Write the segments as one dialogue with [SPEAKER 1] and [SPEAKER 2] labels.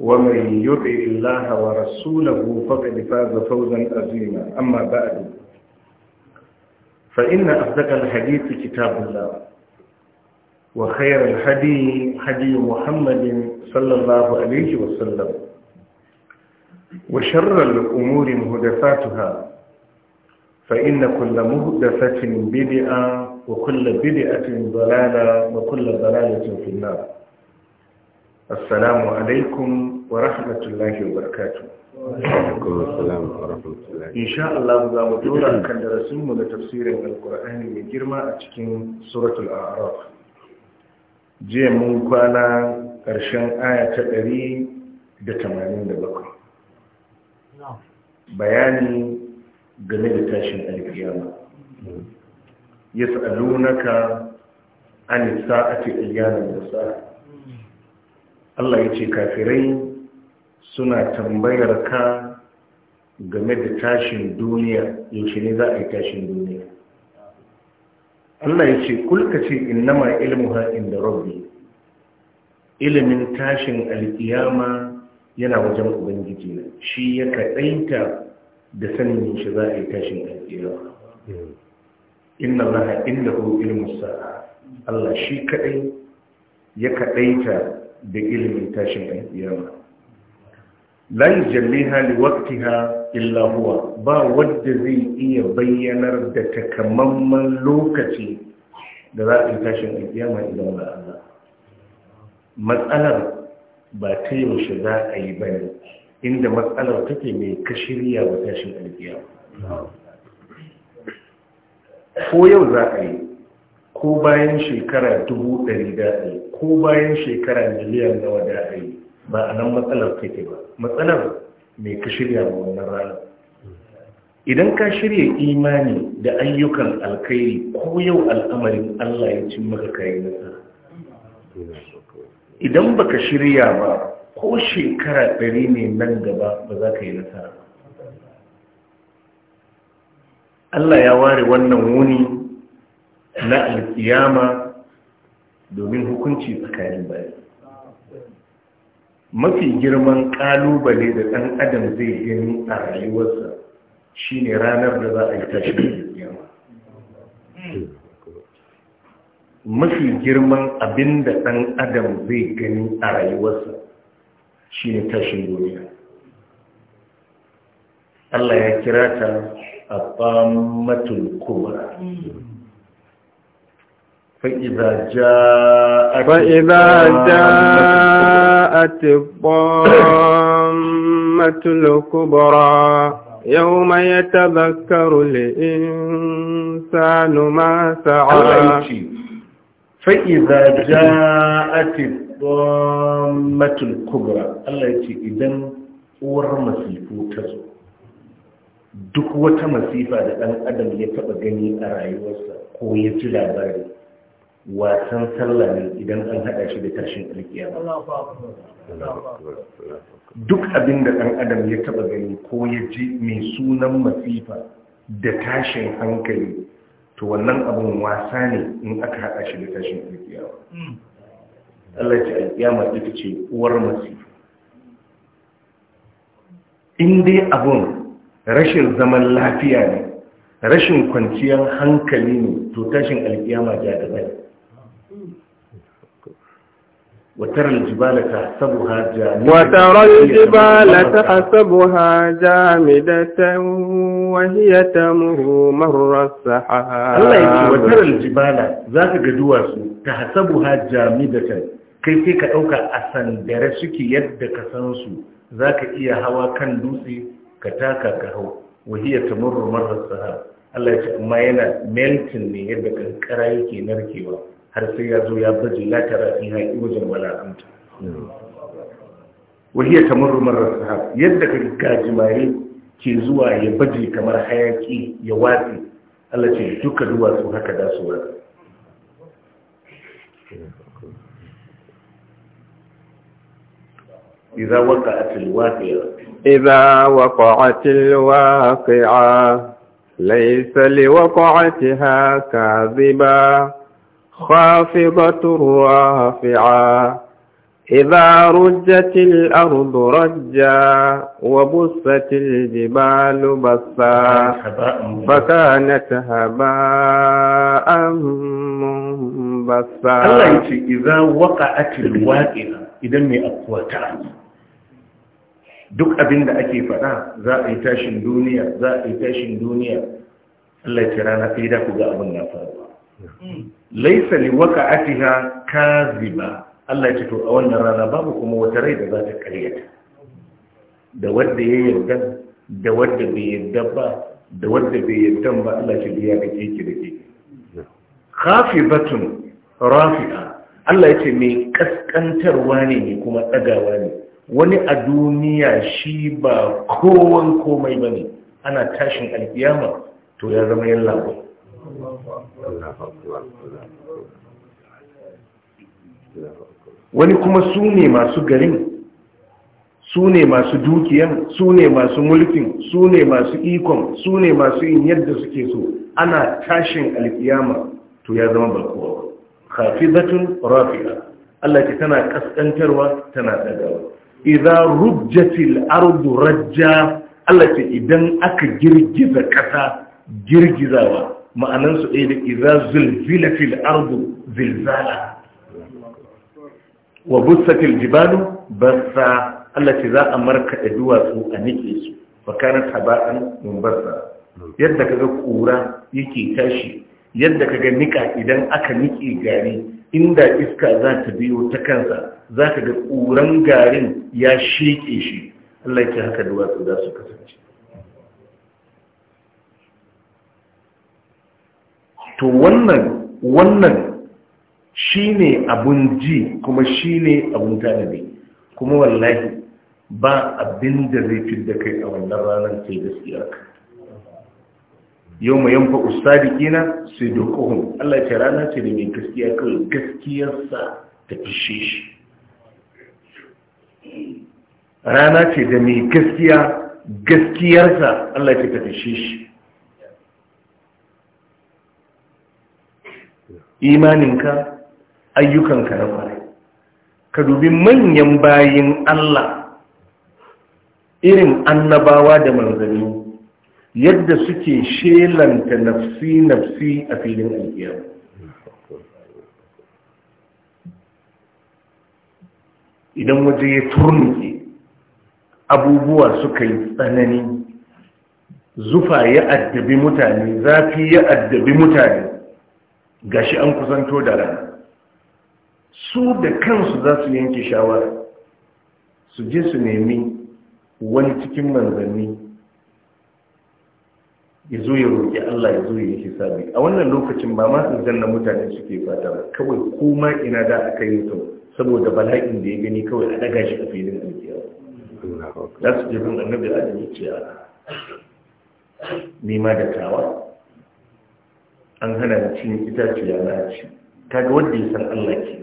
[SPEAKER 1] ومن يطع الله ورسوله فقد فاز فوزا عظيما اما بعد فان اصدق الحديث كتاب الله وخير الهدي هدي محمد صلى الله عليه وسلم وشر الامور محدثاتها فان كل محدثه بدعه وكل بدعه ضلاله وكل ضلاله في النار assalamu alaikum wa rahmatullahi wa In sha Allah za mu tura kan darasinmu na tafsirin alkur'ani mai girma a cikin suratul a'raf jiya mun kwana ƙarshen aya ta ɗari da tamanin da bakwai bayani game da tashin alkiyama mm-hmm. ya sa'alunaka an sa'ati ayyanan da sa'a Allah ya ce kafirai suna tambayar ka game da tashin duniya yaushe ne za a yi tashin duniya Allah ya ce kulka ce innama ilmuha da rabbi ilimin tashin alkiyama yana wajen ubangiji ne shi ya kaɗaita da sanin shi za a yi tashin alkiyama inna laha inda ko ilmus sa'a Allah shi kaɗai ya kaɗaita da ilimin tashin alkiyama lan jami'a hali waqtiha ha ba wadda zai iya bayyanar da takamamman lokaci da za a yi tashin alƙiyama idan ba Allah matsalar ba ta yaushe za a yi bane inda matsalar take mai kashiriya wa tashin alƙiyama ko yau za a yi ko bayan shekara dubu ɗari da ɗari ko bayan shekara miliyan nawa da ɗari ba a nan matsalar take ba matsalar mai ka shirya ma wannan ranar idan ka shirya imani da ayyukan alkhairi ko yau al'amarin Allah ya cin maka kayi nasara idan baka shirya ba ko shekara ɗari ne nan gaba ba za ka yi nasara Allah ya ware wannan wuni na alƙiyama domin hukunci tsakanin bayan mafi girman ƙalubale da ɗan adam zai gani a rayuwarsa shine ranar da za a yi tashi alkiyama mafi girman abin da ɗan adam zai gani a rayuwarsa shine tashin duniya Allah ya kira ta a ɓamatul kubra
[SPEAKER 2] فإذا جاءت فإذا جاءت الضامة الكبرى يوم يتذكر الإنسان ما سعى فإذا
[SPEAKER 1] جاءت الضامة الكبرى الله يتي إذن ورم سلفوت دكوة مسيفة لأن أدم يتبقني أرعي وسا هو يتلع باري wasan sallah ne idan an haɗa shi da tashin alƙiyama, duk abin da ɗan adam ya taɓa gani ko ya ji mai sunan masifa da tashin hankali to wannan abin wasa ne in aka haɗa shi da tashin alƙiyama. Hmm. Allah ce alƙiyama ita ce uwar masifa in dai abun rashin zaman lafiya ne rashin kwanciyar hankali ne to tashin alƙiyama ja da bai وترى الجبال تحسبها جامدة وترى الجبال
[SPEAKER 2] تحسبها جامدة وهي تمر مر السحاب الله يقول وترى
[SPEAKER 1] الجبال ذاك قدوة تحسبها جامدة kai sai ka ɗauka a sandare suke yadda ka san su za ka iya hawa kan dutse ka taka ka hau wahiyar tamurru marar sahara Allah ya ce amma yana melting ne yadda kankara yake narkewa har sai ya zo ya baje la tara fiha iwajan wala amta wahiya kamar marar sahab yadda ka gajimare ke zuwa ya baje kamar hayaki ya watsi Allah ce duka duwatsu haka da su wani
[SPEAKER 2] إذا وقعت
[SPEAKER 1] الواقعة
[SPEAKER 2] إذا وقعت الواقعة ليس لوقعتها كاذبا خافضة رافعة إذا رجت الأرض رجا وبست الجبال بصا فكانت هباء منبصا الله إذا وقعت الواقعة
[SPEAKER 1] إذا مي أقوتا دك أبين ذا أكي فتا ذا إيتاش الدنيا ذا إيتاش الدنيا الله يترانا إذا كنت أبنى فتا laisa li waka'atiha kaziba Allah ya ce to a wannan rana babu kuma wata rai da za ta karyata da wanda ya yarda da wanda bai yarda ba da wanda bai yarda ba Allah ya ce biya kike da kike rafi'a Allah ya ce mai kaskantarwa ne ne kuma tsagawa ne wani a duniya shi ba kowan komai bane ana tashin alkiyama to ya zama yan wani kuma su ne masu garin su ne masu dukiyan su ne masu mulkin su ne masu ikon su ne masu yin yadda suke so ana tashin alkiyama to ya zama balkowa zatun rafi'a Allah ke tana kaskantarwa tana dagawa idan rujjatil ardu rajja Allah ce idan aka girgiza kasa girgizawa ma'anan su ɗaya da iza zulzila fil ardu zilzala wa bussatil jibalu bassa Allah ce za a markaɗa duwatsu a nike su fakanar taba'an mumbarsa yadda kaga kura yake tashi yadda kaga nika idan aka nike gari inda iska za ta biyo ta kansa za ka ga ƙuran garin ya sheke shi Allah ce haka duwatsu za su kasance to wannan wannan shine abun ji kuma shine abun tanadi kuma wallahi ba abin da zai fi da kai a wannan ranar sai gaskiya ka yau mai ustadi kina sai dokuhun Allah ce rana ce da mai gaskiya kawai gaskiyarsa ta fishe shi rana ce da mai gaskiya gaskiyarsa Allah ce ta fishe shi imaninka ayyukanka na kwarai ka dubi manyan bayin Allah irin annabawa da manzanni yadda suke shelanta nafsi-nafsi a filin alkiyar idan waje ya turnuke abubuwa suka yi tsanani zufa ya addabi mutane zafi ya addabi mutane gashi an kusanto da rana su da kansu za su yanke shawara su je su nemi wani cikin manzanni ya zo ya roƙi Allah ya zo ya yi hisabi a wannan lokacin ba ma sun na mutane suke fata ba kawai koma ina da aka yi to saboda bala'in da ya gani kawai a daga shi a filin alkiyar za su jefin annabi a ce
[SPEAKER 3] a
[SPEAKER 1] nima da tawa an hana ni cin itaciya na ci kaga wadda ya san Allah ke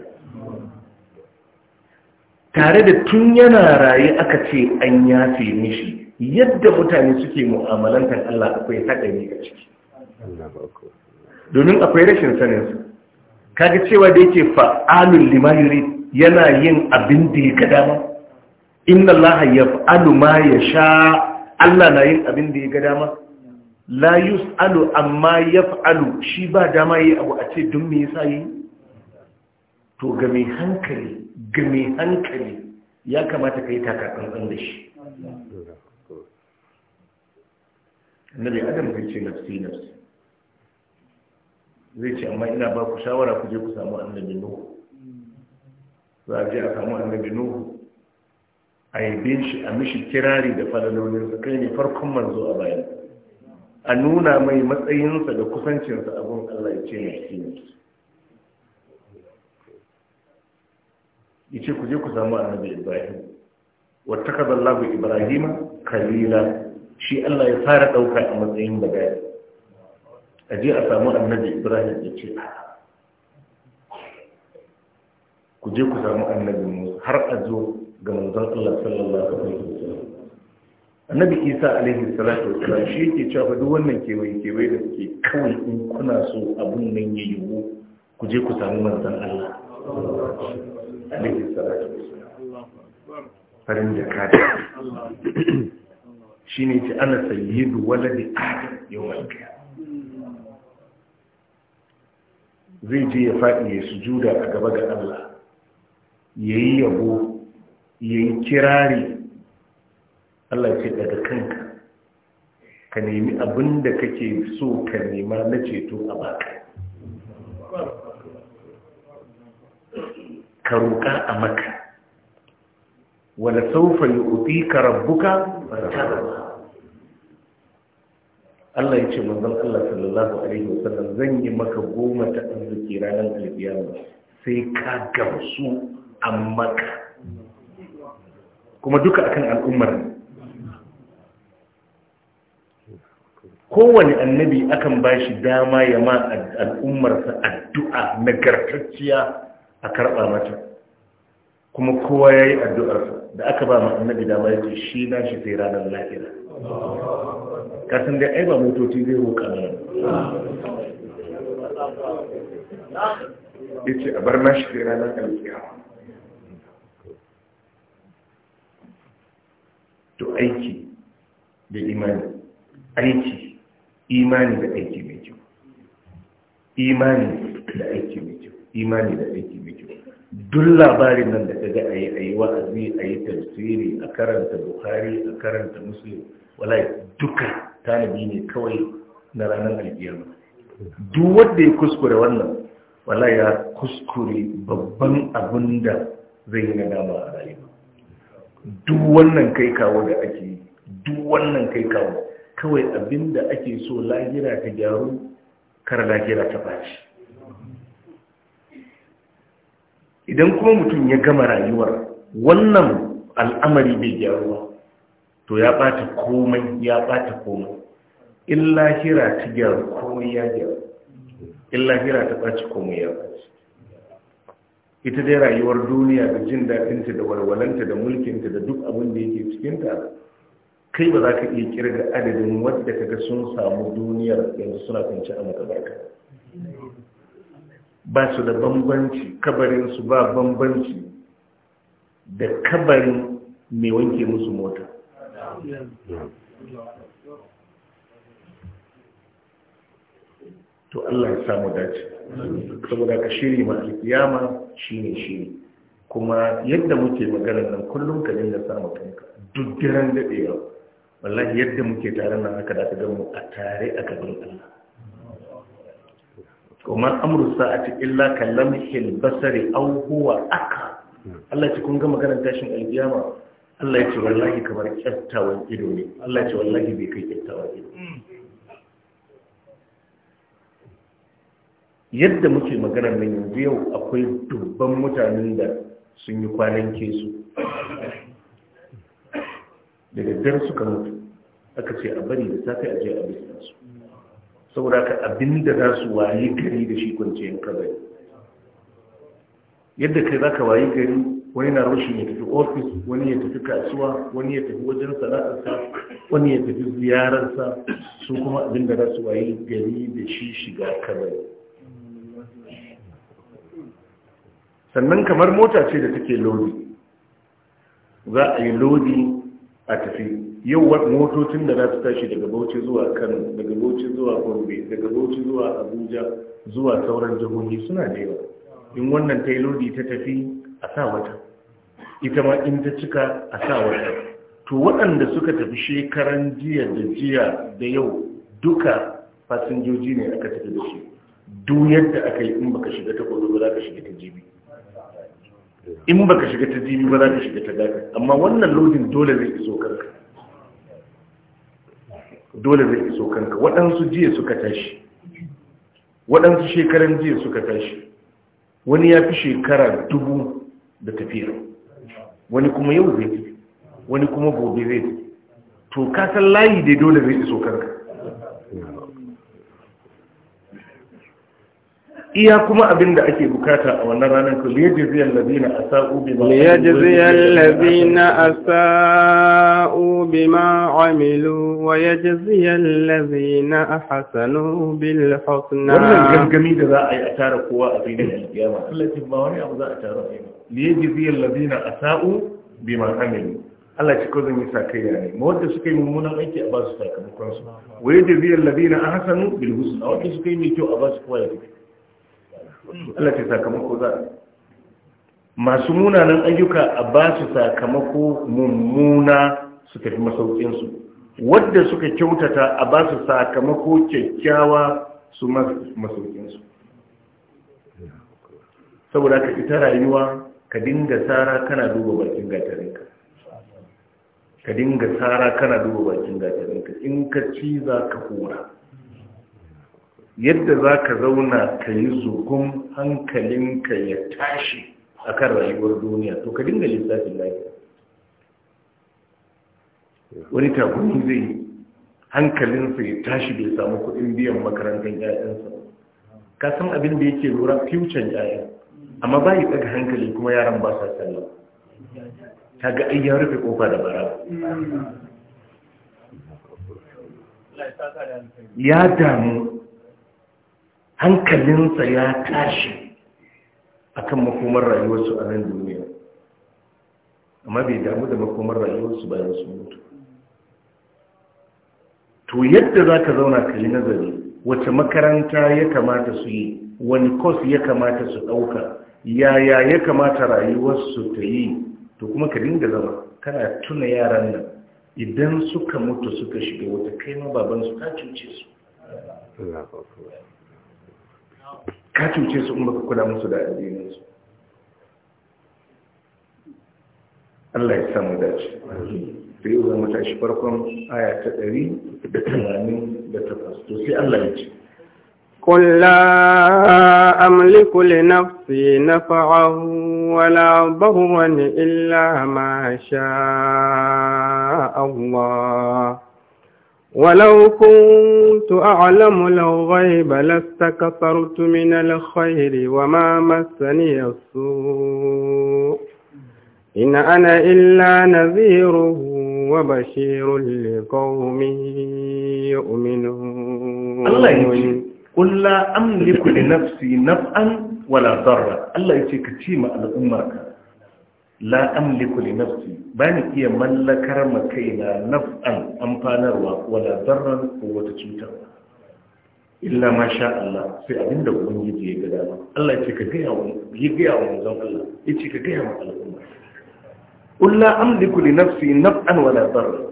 [SPEAKER 1] tare da tun yana raye aka ce an yafe mishi yadda mutane suke mu'amalantar Allah akwai haɗari a ciki domin akwai rashin Ka kaga cewa da yake fa'alun limayuri yana yin abin da ya ga dama inna Allah ya fa'alu ma ya sha Allah na yin abin da ya ga dama la yus'alu amma yaf'alu shi ba dama yi abu a ce don me yasa yi to ga mai hankali ga mai hankali ya kamata kai taka tsantsan da shi annabi adam bai ce nafsi nafsi zai ce amma ina ba ku shawara ku je ku samu annabi nuhu za a je a samu annabi nuhu a yi bin shi a mishi kirari da falalolinsa kai ne farkon manzo a bayan a nuna mai matsayinsa da kusancinsa abin Allah ya ce mai ne ku je ku samu annabi Ibrahim zalla Allahu Ibrahim kalila shi Allah ya fara ɗauka a matsayin bagaya aje a samu annabi Ibrahim ya ce ku je ku samu annabi Musa har a zo ga manzon Allah sallallahu alaihi wasallam annabi isa alaihi salatu wasalam shi yake cewa duk wannan kewaye kewaye da suke kawai in kuna so abun nan ya yi yiwu ku je ku samu manzon Allah alaihi salatu wasalam farin da kada shi ne ce ana sayyidu waladi adam yawan zai je ya faɗi ya sujuda a gaba ga Allah ya yi yabo ya yi kirari Allah ce daga kanka ka nemi abin da kake so ka nema na ceto a baka ka roƙa a maka wadda saufa yi ofi ka rabbuka ba Allah ya ce manzan Allah sallallahu alaihi wasallam zan yi maka goma ta arziki ranar alfiyama sai ka gamsu a maka kuma duka akan al'ummar kowane annabi akan ba shi dama ya ma al'ummarsa addu'a nagartacciya a karɓa mata kuma kowa ya yi addu'arsa da aka ba ma annabi dama ya ce shi na shi sai ranar lahira kasan dai ai ba motoci zai roƙa nan ya ce a bar na shi sai ranar alƙiyawa to aiki da imani aiki imani da aiki mai kyau imani da aiki mai kyau imani da aiki mai kyau duk labarin nan da ka ga ayi ayi wa'azi ayi tafsiri a karanta bukhari a karanta muslim wallahi duka talibi ne kawai na ranar alkiyama duk wanda ya kuskure wannan wallahi ya kuskure babban abin da zai yi nadama a rayuwa duk wannan kai kawo da ake duk wannan kai kawo kawai abinda ake so lahira ta gyaru kar lahira ta baci idan kuma mutum ya gama rayuwar wannan al'amari bai gyaruwa to ya bata komai ya bata komai in lahira ta gyaru komai ya gyaru in lahira ta baci komai ya baci ita dai rayuwar duniya da jin daɗinta da walwalanta da mulkinta da duk abin da yake cikinta kai ba za ka iya kirga adadin wadda ka ga sun samu duniyar yanzu suna kwanci a makabarka ba su da bambanci kabarinsu ba bambanci da kabarin mai wanke musu mota to Allah ya samu dace saboda ka shiri ma alkiyama shine shiri kuma yadda muke magana nan kullum ka dinga samu kanka duk diran dadewa wallahi yadda muke tare nan aka dace ga mu a tare a gaban Allah kuma amru sa'ati illa kallamhil basari aw huwa aka Allah ce kun ga maganar tashin alkiyama Allah ya ce wallahi kamar kyaftawan ido ne Allah ya ce wallahi bai kai kyaftawan ido yadda muke maganar nan yanzu yau akwai dubban mutanen da sun yi kwanan kesu Daga daddare suka mutu aka ce a bari da safe a je a bisa su saboda ka abin da za su waye gari da shi kwanciyar kabari yadda kai za ka waye gari wani na rushe ya tafi ofis wani ya tafi kasuwa wani ya tafi wajen sana'arsa wani ya tafi ziyararsa su kuma abin da za su waye gari da shi shiga kabari sannan kamar mota ce da take lodi za a yi lodi a tafi yau motocin da za su tashi daga bauchi zuwa kano daga bauchi zuwa gombe daga bauchi zuwa abuja zuwa sauran jihohi suna da yawa in wannan ta yi lodi ta tafi a sa wata ita ma in ta cika a sa wata to waɗanda suka tafi shekaran jiya da jiya da yau duka fasinjoji ne aka tafi da shi duk yadda aka yi in baka shiga ta kwallo ba za ka shiga ta jibi in baka shiga ta jibi ba za ka shiga ta daga amma wannan lodin dole zai iso kanka dole zai iso kanka waɗansu jiya suka tashi waɗansu shekaran jiya suka tashi wani ya fi shekara dubu da tafiya wani kuma yau zai wani kuma gobe zai tafi to kasan layi dai dole zai iso kanka iya kuma abin da ake bukata a wannan ranar ku liyajzi allazina asa'u bima liyajzi allazina
[SPEAKER 2] asa'u ma amilu wa ya yajzi allazina ahsanu bil husna wannan gangami da za
[SPEAKER 1] a yi a tara kowa a filin kiyama Allah ba wani abu za a tara ai liyajzi allazina asa'u ma amilu Allah ci ko zan yi ya ne ma wanda suka yi mummunan aiki a ba su sakamakon su wa yajzi allazina ahsanu bil husna wanda suka yi mai kyau a ba su kowa ya tafi Allah ce sakamako za masu munanan ayyuka a ba su sakamako mummuna su tafi masaukinsu wadda suka kyautata a ba su sakamako kyakkyawa su masaukinsu saboda ka ita rayuwa ka dinga tsara kana duba bakin gatarinka ka dinga tsara kana duba bakin gatarinka in ka ci za ka kura yadda za ka zauna ka yi zukun hankalinka ya tashi a kan rayuwar duniya to ka dinga lissafin lafiya wani takuni zai hankalinsa ya tashi bai samu kuɗin biyan makarantar 'ya'yansa ka san abin da yake lura fiucan 'ya'yan amma ba yi tsaga hankali kuma yaran ba sa sallar. ta ga ayyar rufe kofa da bara ya damu hankalinsa ya tashi akan makomar rayuwarsu a nan duniya amma bai damu da makomar rayuwarsu bayan su mutu to yadda za ka zauna ka yi nazari wata makaranta ya kamata su yi wani kos ya kamata su ɗauka yaya ya kamata rayuwarsu ta yi to kuma ka dinga zama kana tuna yaran nan idan suka mutu suka shiga wata kai ma babansu ta cuce su ka cuce su in ka kula musu da addininsu Allah ya samu dace sai yau zama tashi farkon aya ta ɗari da tamanin da takwas to sai Allah ya ce
[SPEAKER 2] قل لا أملك لنفسي نفعا ولا ضرا إلا ما شاء الله ولو كنت أعلم لو غيب لاستكثرت من الخير وما مسني السوء إن أنا إلا نذير وبشير لقوم يؤمنون الله يجي قل لا أملك لنفسي
[SPEAKER 1] نفعا ولا ضرا الله يجي كتيمة أمك la amliku li nafsi bani iya mallakar ma kaina naf'an amfanarwa wala darran ko wata cutar. illa ma sha Allah sai abinda ubangiji ya gada dama Allah ya ce ka ga yawo yi ga yawo manzon Allah ya ce ka ga yawo al'umma qul la amliku li nafsi naf'an wala darran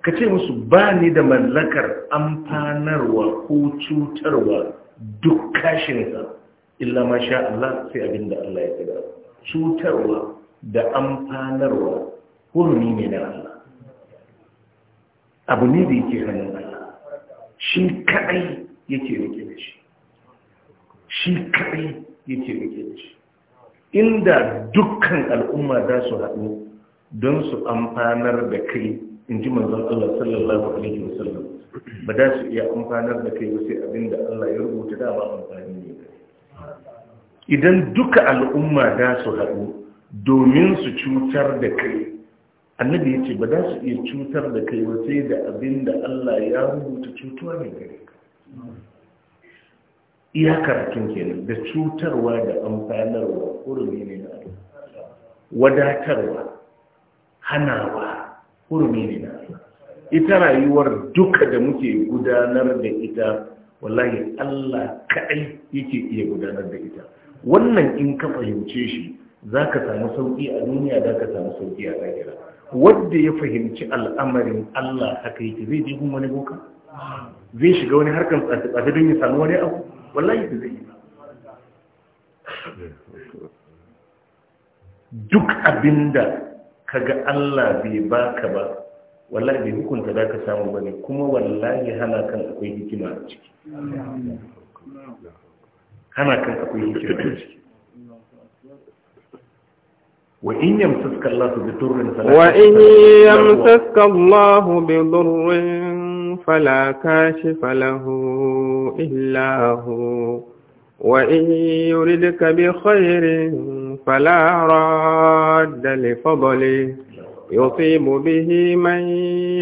[SPEAKER 1] ka ce musu bani da mallakar amfanarwa ko cutarwa duk kashin sa illa ma sha Allah sai abinda Allah ya gada cutarwa da amfanarwa hurumi ne na Allah abu ne da yake hannun Allah shi kaɗai yake rike da shi shi kadai yake rike da shi inda dukkan al'umma za su haɗu don su amfanar da kai in ji manzan Allah sallallahu alaihi wasallam ba za su iya amfanar da kai sai abinda Allah ya rubuta da ba amfani ne idan duka al'umma za su haɗu domin su cutar da kai annabi ya ce ba za su iya cutar da kai ba sai da abin da Allah ya rubuta cutuwa ne gare ka iya karatun kenan da cutarwa da amfanarwa hurumi ne na Allah wadatarwa hanawa hurumi ne na Allah ita rayuwar duka da muke gudanar da ita wallahi Allah kaɗai yake iya gudanar da ita wannan in ka fahimce shi za ka samu sauƙi a duniya za ka samu sauƙi a lahira wadda ya fahimci al'amarin Allah haka yake zai je gun wani boka zai shiga wani harkar tsafi don ya samu wani abu wallahi da zai yi duk abinda ga Allah bai baka ba wallahi bai hukunta za ka samu bane kuma wallahi hana kan akwai hikima a ciki hana kan akwai hikima a ciki وإن يمسسك الله بضر فلا وإن يمسسك
[SPEAKER 2] الله بضر فلا كاشف له إلا هو وإن يردك بخير فلا راد لفضله يصيب به من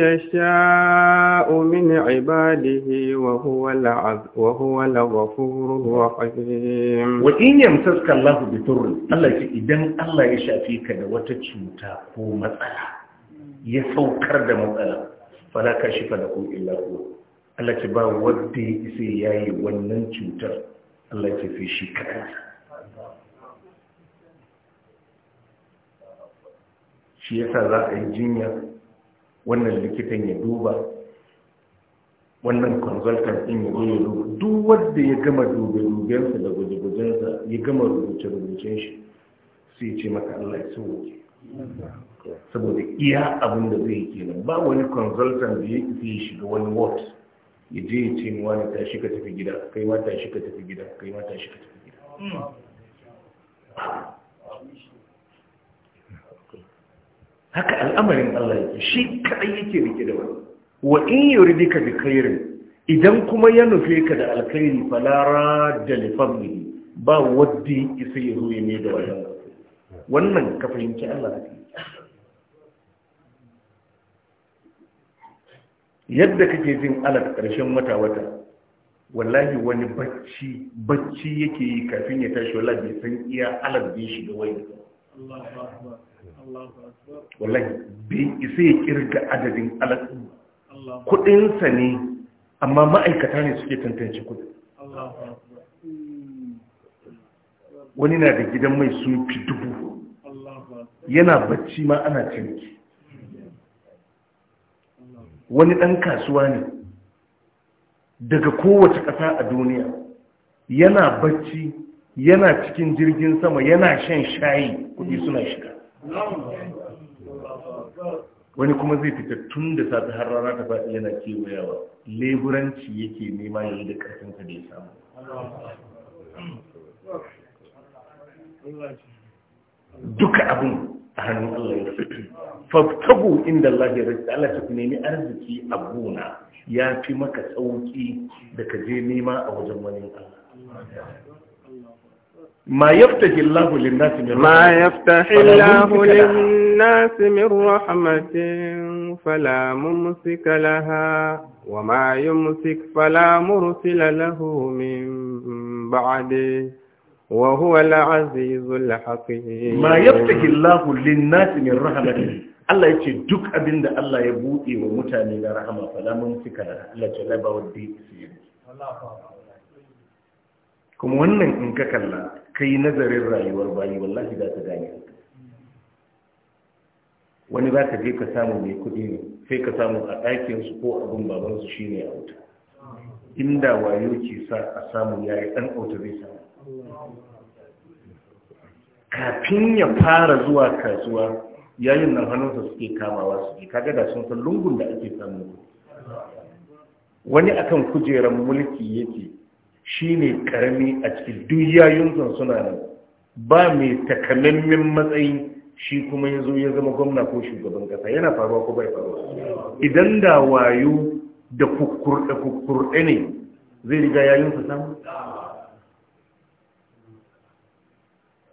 [SPEAKER 2] يشاء من عباده وهو العز وهو الغفور الرحيم وإن
[SPEAKER 1] يمسسك الله بضر الله إذا الله يشافيك da wata cuta ko matsala ya saukar da matsala fala kashifa lahu illa hu Allah ce ba wanda ya isa yayi wannan cutar Allah ya fi shi kansa shi yasa za a yi jinya wannan likitan ya duba wannan consultant din ya zo duba duk wanda ya gama duba dubensa da gwaje ya gama rubuce-rubucen shi sai ce maka Allah ya sauke saboda iya abin da zai kenan ba wani consultant da ya isa shiga wani ward ya je ya ce muwa ne tashi ka tafi gida kai ma tashi ka tafi gida kai ma tashi ka tafi gida haka al'amarin Allah yake shi kaɗai yake rike da wani wa in yuridika bi kairin, idan kuma ya nufe ka da alkhairi falara da li ba wadda isa ya zo ne da wajen wannan ka fahimci Allah yadda kake jin alaƙa ƙarshen wata wata wallahi wani bacci bacci yake yi kafin ya tashi wallahi bai san iya alaƙa shi da wani wallahi bai isa ya kirga adadin alaƙin
[SPEAKER 3] kudinsa
[SPEAKER 1] ne amma ma'aikata ne suke tantance kudin
[SPEAKER 3] hmm.
[SPEAKER 1] wani na da gidan mai sun fi dubu yana bacci ma ana ciniki wani ɗan kasuwa ne daga kowace ƙasa a duniya yana bacci yana cikin jirgin sama yana shan shayi kudi suna shiga wani kuma zai fita tun da safi har rana ta faɗi yana kewayawa leburanci yake nema ya yi da ka da ya samu duka abin a hannun Allah ya fito inda Allah ya rasu Allah ta nemi arziki a gona ya fi maka sauƙi da ka je nema a wajen wani Allah ما يفتح الله للناس من ما يفتح الله
[SPEAKER 2] للناس من رحمة فلا ممسك لها وما يمسك فلا مرسل له من بعده وهو العزيز الحكيم ما يفتح الله
[SPEAKER 1] للناس من رحمة الله يجي دك أبن abin da Allah ya buɗe wa mutane na rahama falamun suka da Allah ce laba wadda ya isi yi. ka yi nazarin rayuwar bayi wallahi za ta gane wani za ka je ka samu mai kuɗi ne sai ka samu a ɗakinsu ko abin babansu shi ne a wuta inda wayo ke sa a samu ya yi ɗan auta zai samu kafin ya fara zuwa kasuwa yayin nan hannunsa suke kamawa su ke kaga da sun san lungun da ake samu wani akan kujerar mulki yake shi ne karami a cikin duk yayin suna nan ba mai takamammen matsayi shi kuma ya ya zama gwamna ko shugaban kasa yana faruwa ko bai faruwa idan da wayo da kukurɗe ne zai riga su samu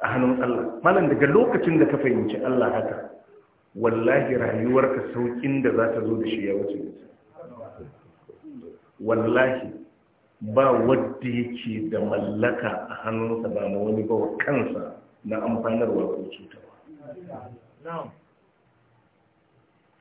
[SPEAKER 1] a hannun Allah malam daga lokacin da ka fahimci Allah haka wallahi rayuwarka saukin da za ta zo da shi ya wuce wallahi ba wadda yake da mallaka a hannunsa ba ma wani ba wa kansa na amfanarwa ko
[SPEAKER 3] cutarwa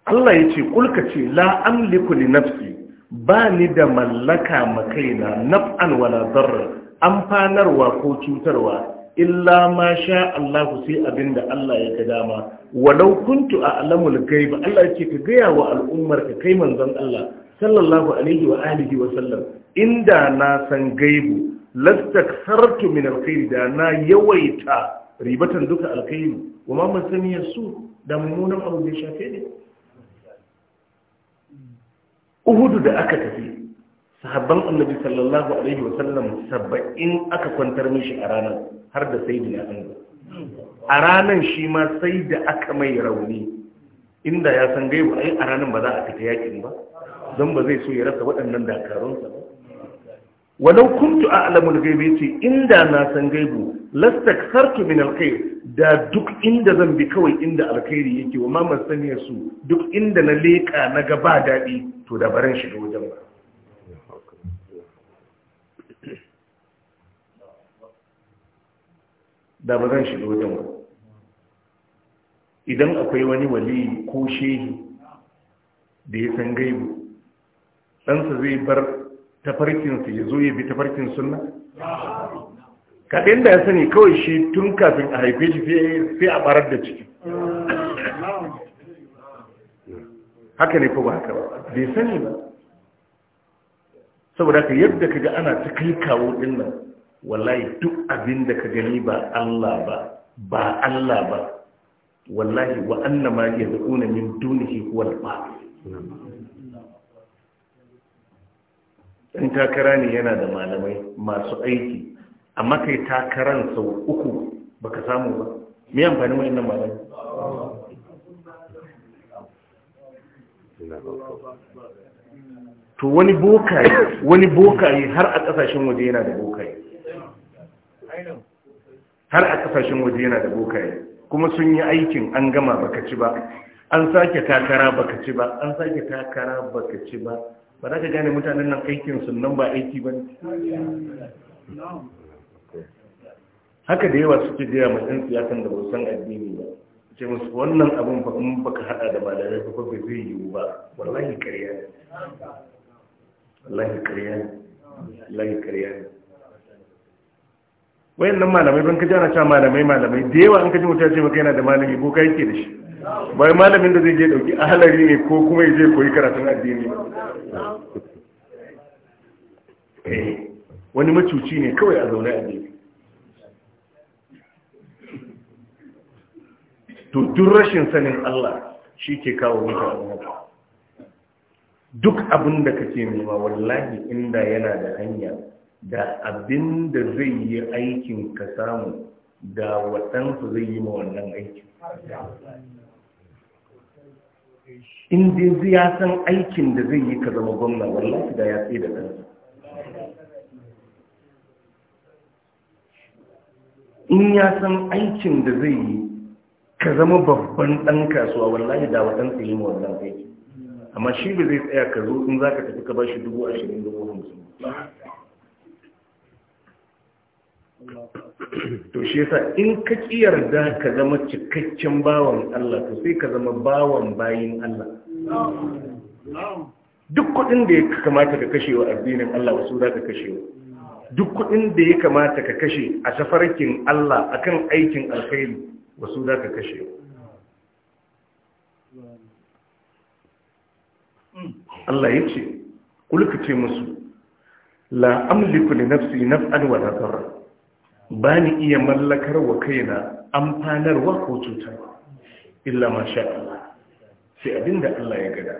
[SPEAKER 1] Allah ya ce kulka ce la amliku nafsi ba ni da mallaka makaina naf'an wala darra amfanarwa ko cutarwa illa ma sha Allah sai abinda Allah ya ga dama walau kuntu a alamul gaiba Allah ya ce ka gaya wa al'ummar ka kai manzon Allah sallallahu alaihi wa alihi wa sallam inda na san gaibu sartu min alkhairi da na yawaita ribatan duka alkhairi kuma mun sani su da mummunan abu da shafe ne uhudu da aka tafi sahabban annabi sallallahu alaihi wa sallam saba'in aka kwantar mishi a ranar har da sai da an a ranar shi ma sai da aka mai rauni inda ya san gaibu ai a ranar ba za a fita yakin ba don ba zai so ya rasa waɗannan dakarunsa ba walau kuntu a'lamul ghaibi ce inda na san gaibu lastakthartu min alkhair da duk inda zan bi kawai inda alkhairi yake wa ma masaniya su duk inda na leka na ga ba dadi to da baran shiga wajen ba da baran shiga wajen ba idan akwai wani wali ko shehi da ya san gaibu ɗansa zai bar su ya zo ya bi tafarkin sunna kaɗin da ya sani kawai shi tun kafin a haife shi sai a barar da ciki haka ne ko ba haka ba bai sani ba saboda ka yadda ka ga ana ta kai kawo ɗin nan wallahi duk abin da ka gani ba Allah ba ba Allah ba wallahi wa annama yad'una min dunihi huwa in takara ne yana da malamai masu aiki amma kai takaran sau uku baka samu ba mai amfani wayannan malamai to wani bokaye wani bokaye har a kasashen waje yana da bokaye har a kasashen waje yana da bokaye kuma sun yi aikin an gama baka ci ba an sake takara baka ci ba an sake takara baka ci ba ba za ka gane mutanen nan aikin sunan ba aiki ba haka da yawa suke jira ma yan siyasan da ba san addini ba ce musu wannan abin ba in baka hada da malamai ba ba zai yiwu ba wallahi ƙarya ne wallahi ne wayannan malamai ban ka jana cewa malamai malamai da yawa an ka mutum ya ce maka yana da malami ko ka ke da shi bai malamin da zai je dauki ahalari ne ko kuma ya je koyi karatun addini eh, wani macuci ne kawai a zaune a jini to duk rashin sanin Allah shi ke kawo mutane haka duk abin da kake nema wallahi inda yana da hanya da abin da zai yi aikin ka samu da waɗansu zai yi ma wannan aikin in dai ya san aikin da zai yi ka zama gwamna wallahi da ya tsaye da kansa in ya san aikin da zai yi ka zama babban ɗan kasuwa wallahi da waɗansu yi ma wannan aiki amma shi ba zai tsaya ka zo in za ka tafi ka ba shi dubu ashirin dubu hamsin to shi yasa in ka kiyarda ka zama cikakken bawan Allah to sai ka zama bawan bayin Allah duk kudin da ya kamata ka kashe wa addinin Allah wasu za ka kashe wa duk kudin da ya kamata ka kashe a safarkin Allah akan aikin alkhairi wasu za ka kashe wa Allah ya ce kulka ce musu la amliku li nafsi naf'an wa la darra ba ni iya mallakar wa kaina amfanarwa ko cutar. illa masha Allah sai abinda Allah ya gada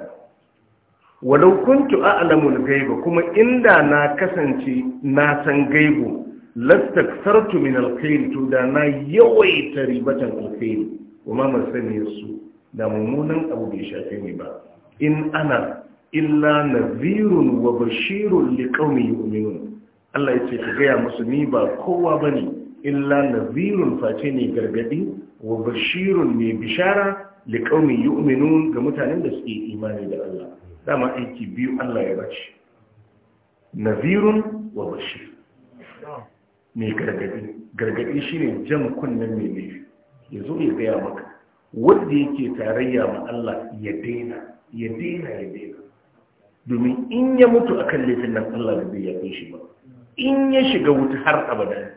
[SPEAKER 1] walau kuntu a'lamul gaiba kuma inda na kasance na san gaibu lastakfartu min alkhair to da na yawaita ribatan alkhairi kuma masani su da mummunan abu bai shafe ni ba in ana illa Nazirun wa bashirun liqaumi yu'minun Allah ya ce ka gaya musu ni ba kowa ba ne illa nazirun face ne gargadi wa bashirun ne bishara liƙaumin yu'minun ga mutanen da suke imani da Allah dama aiki biyu Allah ya bace nazirun wa bashir mai gargadi gargadi shine jan kunnen mai laifi ya zo ya gaya maka wanda yake tarayya ma Allah ya daina ya daina ya daina domin in ya mutu akan laifin nan Allah da bai kai shi ba in ya shiga wuta har abada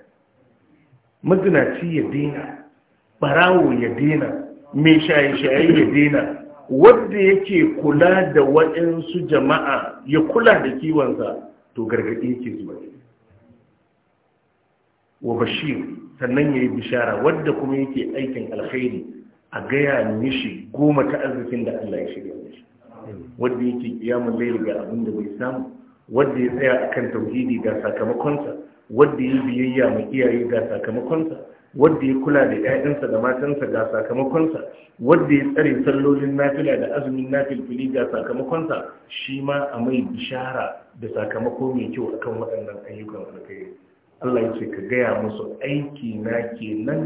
[SPEAKER 1] mazinaci ya dina barawo ya dina mai shaye-shaye ya dina wadda yake kula da waɗansu jama'a ya kula da kiwonsa to gargaɗi yake zuwa wa bashir sannan ya yi bishara wadda kuma yake aikin alkhairi a gaya mishi goma ta arzikin da Allah ya shirya mishi wadda yake kiyamun zai riga abin da bai samu wanda ya tsaya a kan tauhidi ga sakamakonsa wanda ya biyayya ma iyaye ga sakamakonsa wadda ya kula da 'ya'yansa da matansa ga sakamakonsa wadda ya tsare sallolin nafila da azumin nafilfili ga sakamakonsa shi ma a mai bishara da sakamako mai kyau akan waɗannan ayyukan alkhairi Allah ya ce ka gaya musu aiki na kenan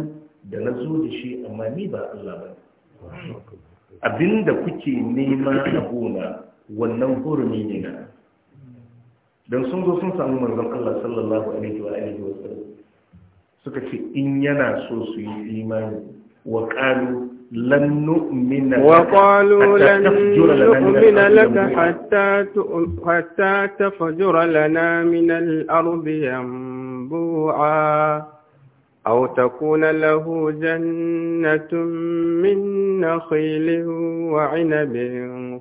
[SPEAKER 1] da na zo da shi amma ni ba Allah ba abinda kuke nema a gona wannan hurumi ne na don sun zo sun samu manzon Allah sallallahu alaihi wa alihi wa sallam suka ce in yana so su yi imani wa qalu lan nu'mina wa qalu lan nu'mina laka
[SPEAKER 2] hatta hatta tafjura lana min al-ardi yanbu'a أو تكون له جنة من نخيل وعنب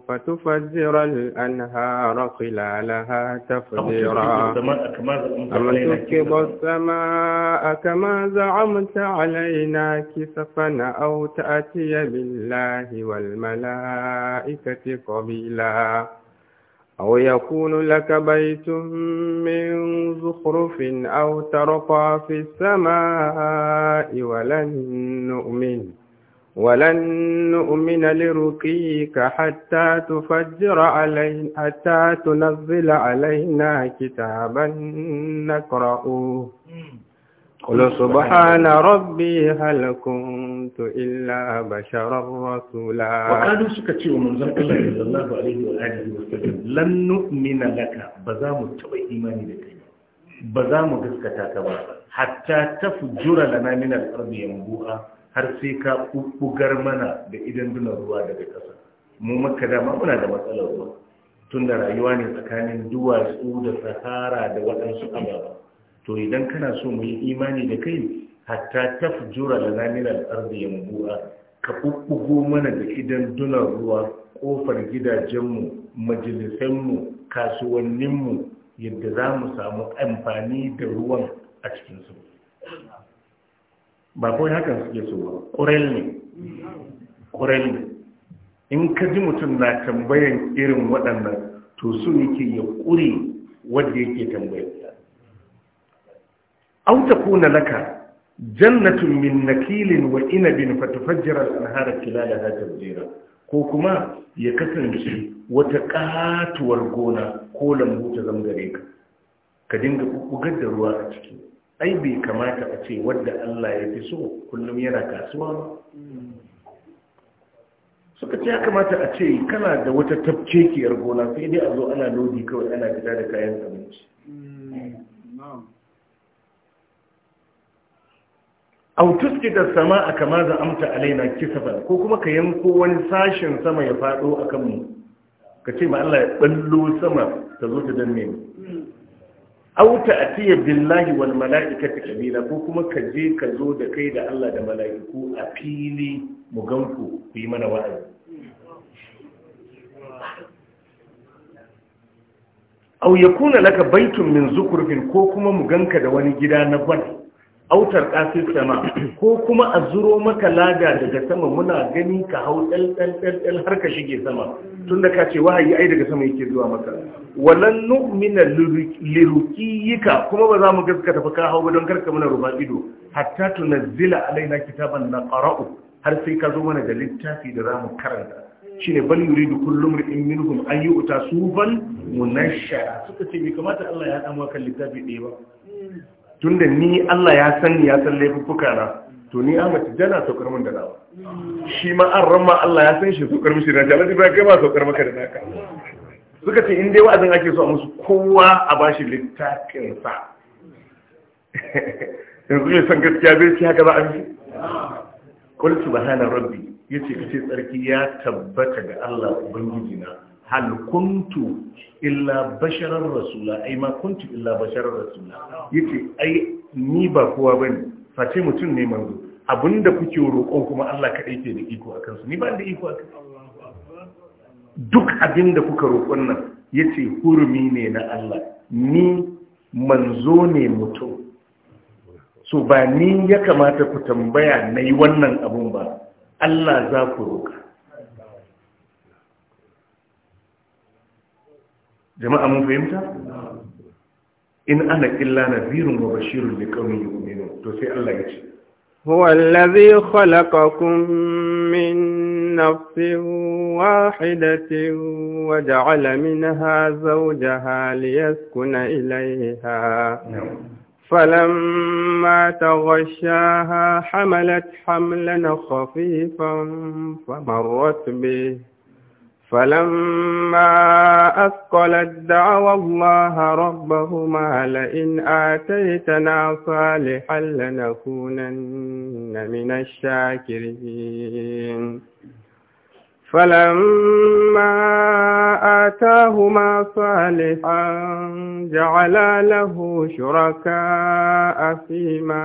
[SPEAKER 2] فتفجر الأنهار خلالها تفجيرا أم تركب السماء كما زعمت علينا كسفا أو تأتي بالله والملائكة قبيلا أو يكون لك بيت من زخرف أو ترقى في السماء ولن نؤمن ولن نؤمن لرقيك حتى تفجر علينا حتى تنزل علينا كتابا نقرأه Kula subhana rabbi halakuntu illa basharar rasula. Waƙadu suka ce wa manzan Allah da Allah ba a yi wa ajiye lannu mina
[SPEAKER 1] laka ba za mu taɓa imani da kai ba za mu gaskata ka ba hatta ta fi jura da namina da har sai ka ɓugar mana da idan duna ruwa daga ƙasa. Mu maka dama muna da matsalar ba tun rayuwa ne tsakanin duwatsu da sahara da waɗansu ababa. to idan kana so mu yi imani da kai hatta tafjura da min al-ardi yanbu'a ka bubbugo mana da idan dunar ruwa kofar gidajenmu majalisanmu kasuwanninmu yadda za mu samu amfani da ruwan a cikinsu ba kawai hakan suke so ba ƙurel ne ƙurel ne in ka ji mutum na tambayan irin waɗannan to su yake ya ƙure wadda yake tambayar aw takuna laka jannatun min nakilin wa inabin fatafajjira al-anhara khilalaha tafjira ko kuma ya kasance wata katuwar gona ko lambu ta gare ka ka dinga bugar da ruwa a ciki ai bai kamata a ce wadda Allah ya fi so kullum yana kasuwa ba suka ce ya kamata a ce kana da wata tafkekiyar gona sai dai a zo ana lodi kawai ana fita da kayan abinci au sama samaa kama amta alaina kisafa ko kuma ka yanko wani sashen sama ya faɗo akan mu ka ce ma Allah ya ballo sama ta zo ta danne mu au atiya billahi wal mala'ikati kabila ko kuma ka je ka zo da kai da Allah da mala'iku a fili mu ganku ku yi mana wa'azi au yakuna laka baitun min zukurfin ko kuma mu ganka da wani gida na gwani autar ƙasir sama ko kuma a zuro maka laga daga sama muna gani ka hau ɗalɗalɗal har ka shige sama tun da ka ce wahayi ai daga sama yake zuwa maka walan nu'mina lirukiyika kuma ba za mu gaskata tafi ka hau ba don karka mana ruba ido hatta tunazzila alaina kitaban naqra'u har sai ka zo mana da littafi da zamu karanta shine bal yuridu kullu mri'in minhum an yu'ta suban munashshara suka ce bai kamata Allah ya haɗa maka littafi ɗaya ba tunda ni Allah ya san ni ya san laifuka na to ni Ahmad jana saukar min da nawa shi ma an ramma Allah ya san shi saukar mishi da Allah ba kai ba saukar maka da naka suka ce in dai wa'azin ake so a musu kowa a bashi littafin sa yanzu ne san gaskiya bai ci haka ba a yi kul subhana rabbi yace kace tsarki ya tabbata ga Allah ubangiji na hal kuntu illa basharar rasula ai ma kuntu illa basharar rasula yace ai ni ba kowa bane face mutum ne manzo abinda kuke roƙo kuma Allah kaɗai yake da iko akan su ni ba da iko akan duk abinda kuka roƙo nan yace hurumi ne na Allah ni manzo ne mutum so ba ni ya kamata ku tambaya nayi wannan abun ba Allah za ku roƙa جماعة مو فهمت إن أنا إلا نذير مبشر لقوم يؤمنون توسي الله يجي
[SPEAKER 2] هو الذي خلقكم من نفس واحدة وجعل منها زوجها ليسكن إليها نعم. فلما تغشاها حملت حملا خفيفا فمرت به فلما أثقلت دعوا الله ربهما لئن آتيتنا صالحا لنكونن من الشاكرين فلما آتاهما صالحا جعلا له شركاء فيما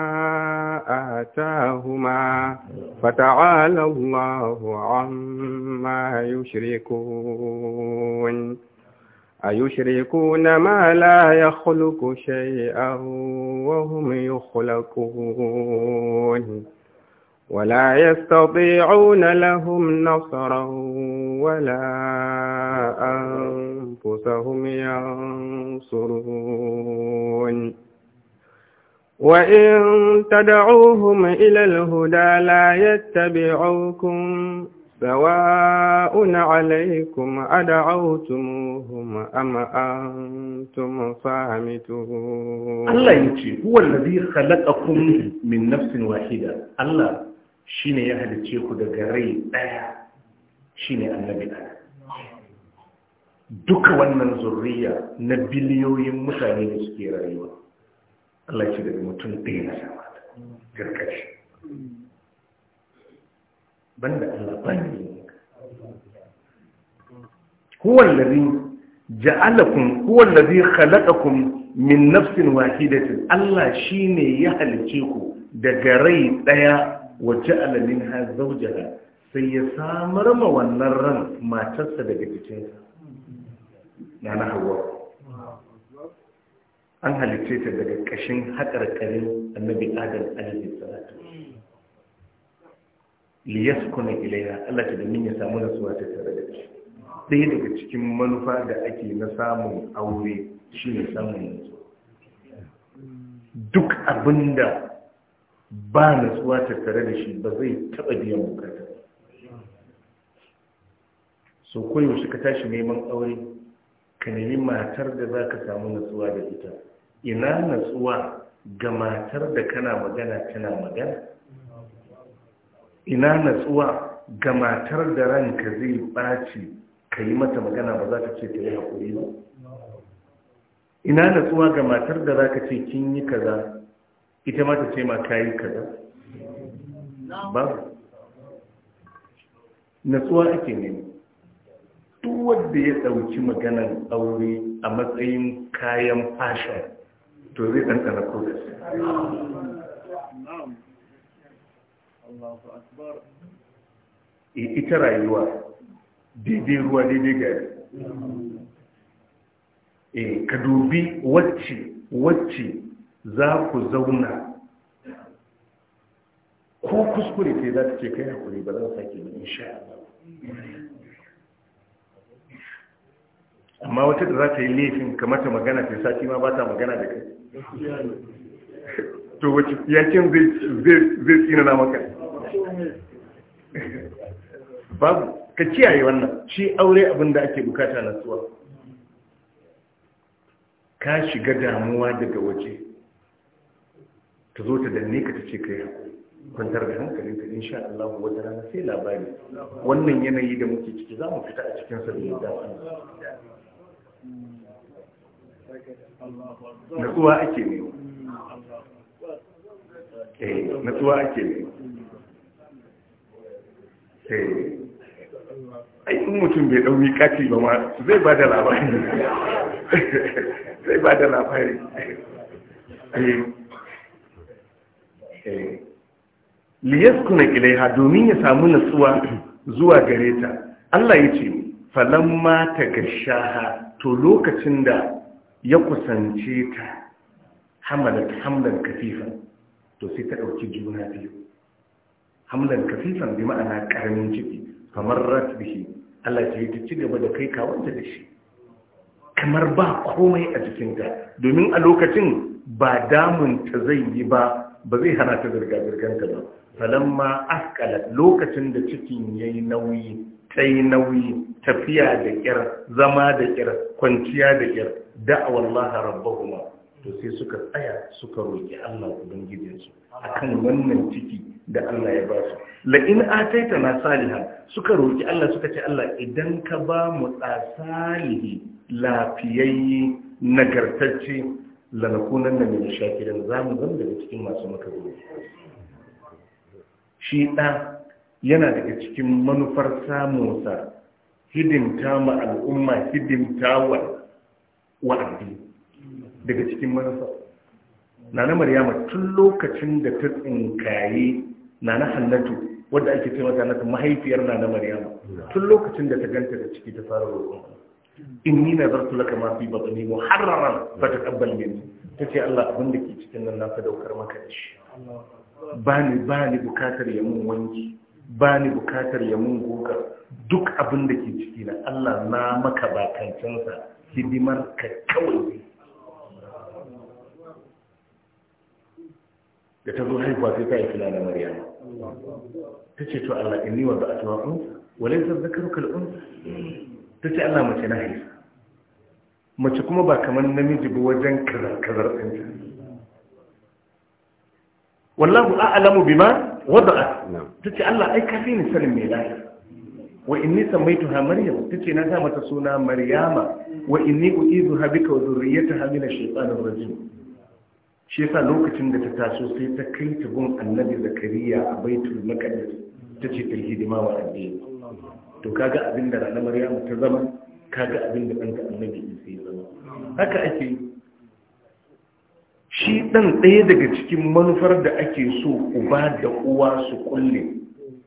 [SPEAKER 2] آتاهما فتعالى الله عما يشركون أيشركون ما لا يخلق شيئا وهم يخلقون ولا يستطيعون لهم نصرا ولا أنفسهم ينصرون وإن تدعوهم إلى الهدى لا يتبعوكم سواء عليكم أدعوتموهم أم أنتم صامتون الله
[SPEAKER 1] يجي هو الذي خلقكم من نفس واحدة الله shi ne ya halice ku daga rai ɗaya shi ne annabi ɗaya duka wannan zurriya na biliyoyin mutane da suke rayuwa Allah ce daga mutum ɗaya na sama da garkashi banda Allah bani huwa allazi ja'alakum huwa allazi khalaqakum min nafsin wahidatin Allah shi ne ya halice ku daga rai ɗaya wacce alamin ha zawjaha sai ya samar ma wannan ran matarsa daga jikinsa na na hawa an halitta ta daga kashin haƙarƙarin annabi adam alaihi salatu liyaskuna ilaiha Allah ta domin ya samu nasuwa ta tare da shi ɗaya daga cikin manufa da ake na samun aure shine samun nasuwa duk abinda ba natsuwa tattare da shi ba zai taɓa biyan bukata so koyaushe ka tashi neman aure ka nemi matar da za ka samu natsuwa da ita ina natsuwa ga matar da kana magana tana magana ina natsuwa ga matar da ranka zai ɓaci ka yi mata magana ba za ta ce ta yi haƙuri ba ina natsuwa ga matar da za ka ce kin yi kaza ita mata ta ce ma kayi kaza ba natsuwa ake ne. duk wanda ya ɗauki maganar aure a matsayin kayan fashion to zai ɗanɗana kodas e, ita rayuwa daidai ruwa daidai gari e, ka dubi wacce wacce za ku zauna ko kuskure sai za ta ce kai hakuri ba za ta sake in sha amma wata da za ta yi laifin kamata magana ta sati ma ba ta magana da kai to wace yakin zai tsina na maka babu ka kiyaye wannan shi aure abin da ake bukata na tsuwa ka shiga damuwa daga waje ta zo ta danne ka ta ce kai kwantar da hankali, ka insha Allah wata rana sai labari wannan yanayi da muke ciki za mu fita a cikin sa da yadda natsuwa ake ne eh natsuwa ake ne eh aikin mutum bai dau miƙati ba ma zai ba da labari zai ba da labari eh. liyaskuna ilaiha domin ya samu nasuwa zuwa gare ta Allah ya ce falamma ta gashaha to lokacin da ya kusance ta hamalat Hamlan kafifan to sai ta ɗauki juna biyu hamlar kafifan bi ma'ana ƙaramin ciki kamar ratbihi Allah ce ta ci gaba da kai kawanta da shi kamar ba komai a jikinta domin a lokacin ba damun ta zai yi ba ba zai hana ta zirga-zirganta ba falamma askala lokacin da cikin ya yi nauyi ta yi nauyi tafiya da kyar, zama da kyar, kwanciya da ƙyar da'awallaha rabbahuma to sai suka tsaya suka roƙi Allah ubangijinsu akan wannan ciki da Allah ya ba su la'in ataita na Saliha suka roƙi Allah suka ce Allah idan ka ba mu tsasalihi lafiyayye nagartacce lanakunan da mai shakirin za zamu zama daga cikin masu makaroni shi ɗa yana daga cikin manufar samunsa hidimta ma al'umma hidimta wa wa'adi daga cikin manufa nana maryama tun lokacin da ta tsinkaye nana hannatu wadda ake taimaka mata nata mahaifiyar nana maryama tun lokacin da ta ganta da ciki ta fara roƙon inni na zartu laka ma fi batni muharraran fataqabbal minni tace Allah abin da ke cikin nan na daukar maka da shi bani bani bukatar ya mun wanki bani bukatar ya mun goga duk abin da ke ciki na Allah na maka bakancan sa hidimar ka kawai
[SPEAKER 3] da ta zo haihuwa sai ta yi filana maryam
[SPEAKER 1] ta ce to Allah inni wa za'atu wa unsa wa laysa dhakaruka al-unsa ta ce Allah mace na haifa mace kuma ba kamar namiji ba wajen kazar-kazar ɗinta wallahu a'alamu bima wada'a ta ce Allah ai kafi ni sanin mai lafiya wa inni ha maryam ta ce na sa mata suna maryama wa inni ha bika zurriyata ha min ash-shaytanir rajim shi yasa lokacin da ta taso sai ta kai ta gun annabi zakariya a baitul maqdis tace ta hidima wa addini to kaga abin da ranar maryamu ta zama kaga abin da ɗanka annabi isa ya zama haka ake shi ɗan ɗaya daga cikin manufar da ake so uba da uwa su kulle